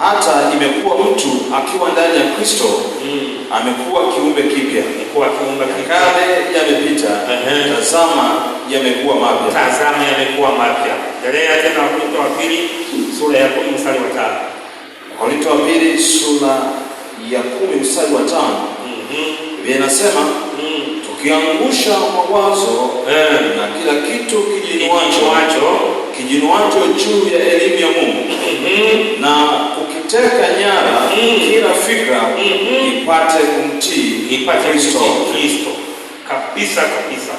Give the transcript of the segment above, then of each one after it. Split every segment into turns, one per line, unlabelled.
hata imekuwa mtu akiwa ndani ya Kristo mm. amekuwa kiumbe kipya, kale yamepita, tazama yamekuwa mapya. Tazama yamekuwa mapya. Endelea tena, Wakorinto wa pili sura ya kumi mstari wa tano. Wakorinto wa pili sura ya kumi mstari wa tano vinasema mhm. mm. tukiangusha mawazo eh. na kila kitu wacho kijinuacho juu ya elimu ya Mungu mm-hmm. na kukiteka nyara mm-hmm. kila fikra mm-hmm. ipate kumtii ipate Kristo kabisa kabisa.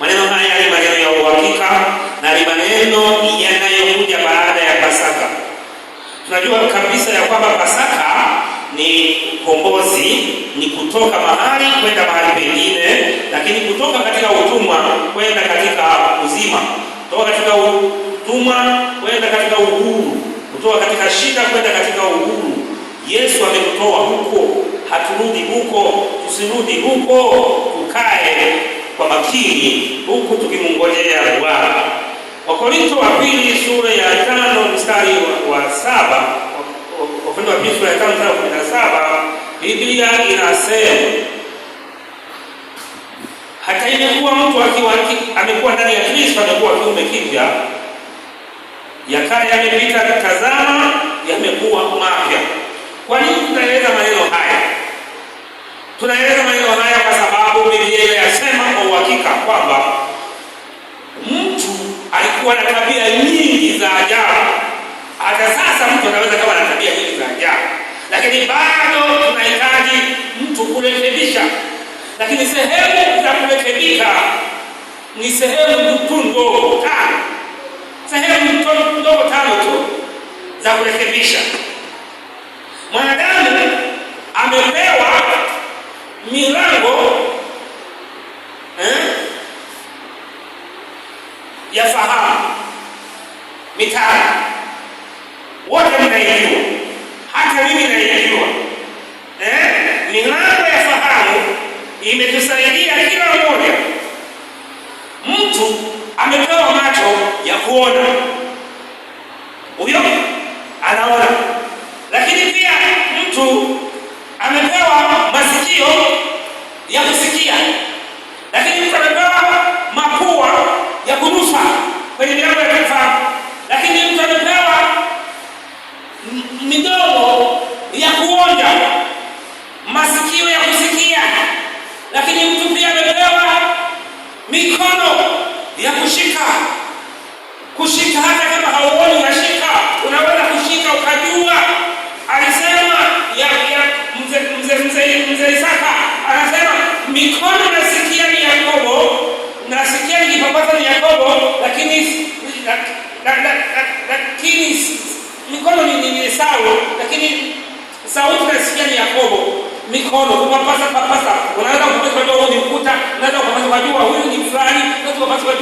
Maneno haya ni maneno ya uhakika na ni maneno yanayokuja baada ya Pasaka. Tunajua kabisa ya kwamba Pasaka ni ukombozi, ni kutoka mahali kwenda mahali pengine, lakini kutoka katika utumwa kwenda katika uzima kutoka katika utumwa kwenda katika uhuru, kutoka katika shida kwenda katika uhuru. Yesu ametutoa huko, haturudi huko, tusirudi huko, tukae kwa makini huku tukimungojea Bwana. wakorinto wa pili sura ya tano mstari wa saba Wakorintho wa pili sura ya tano mstari wa kumi na saba Biblia inasema hata imekuwa mtu akiwa amekuwa ndani ya Kristo amekuwa kiume kipya, ya kale yamepita, tazama yamekuwa mapya. Kwa nini tunaeleza maneno haya? Tunaeleza maneno haya kwa sababu Biblia inasema kwa uhakika kwamba mtu alikuwa na tabia nyingi za ajabu. Hata sasa mtu anaweza kuwa na tabia nyingi za ajabu, lakini bado tunahitaji mtu kurekebisha lakini sehemu za kurekebika ni sehemu tu ndogo tano, sehemu ndogo tano tu za kurekebisha. Mwanadamu amepewa milango eh, ya fahamu mitano, wote mnaijua amepewa macho ya kuona, huyo anaona, lakini pia mtu amepewa masikio ya kusikia, lakini mtu amepewa mapua ya kunusa kwenye milango ya kifaa lakini mtu amepewa midomo ya kuonja, masikio ya kusikia, lakini mtu pia amepewa mikono ya kushika kushika, hata kama hauoni unashika, unaweza kushika ukajua. Alisema ya, ya mzee mzee mzee mzee Isaka anasema mikono nasikia ni Yakobo, nasikia ni kipapasa ni Yakobo, lakini lakini mikono ni ni Esau, lakini sauti nasikia ni Yakobo. Mikono kupapasa papasa, unaweza kupata kwa ukuta, unaweza kupata kwa huyu ni fulani, unaweza kupata kwa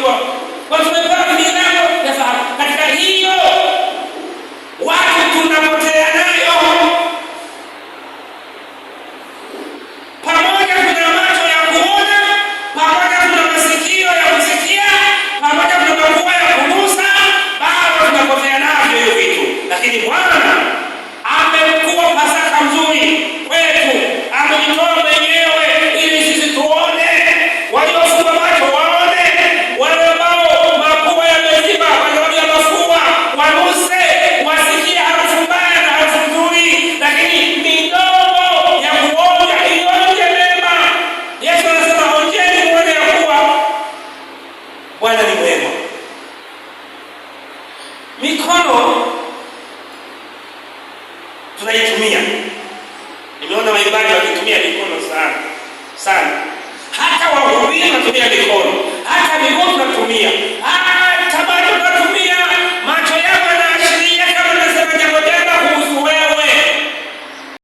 tunaitumia. Nimeona waimbaji wakitumia mikono sana sana, hata wahubiri wanatumia mikono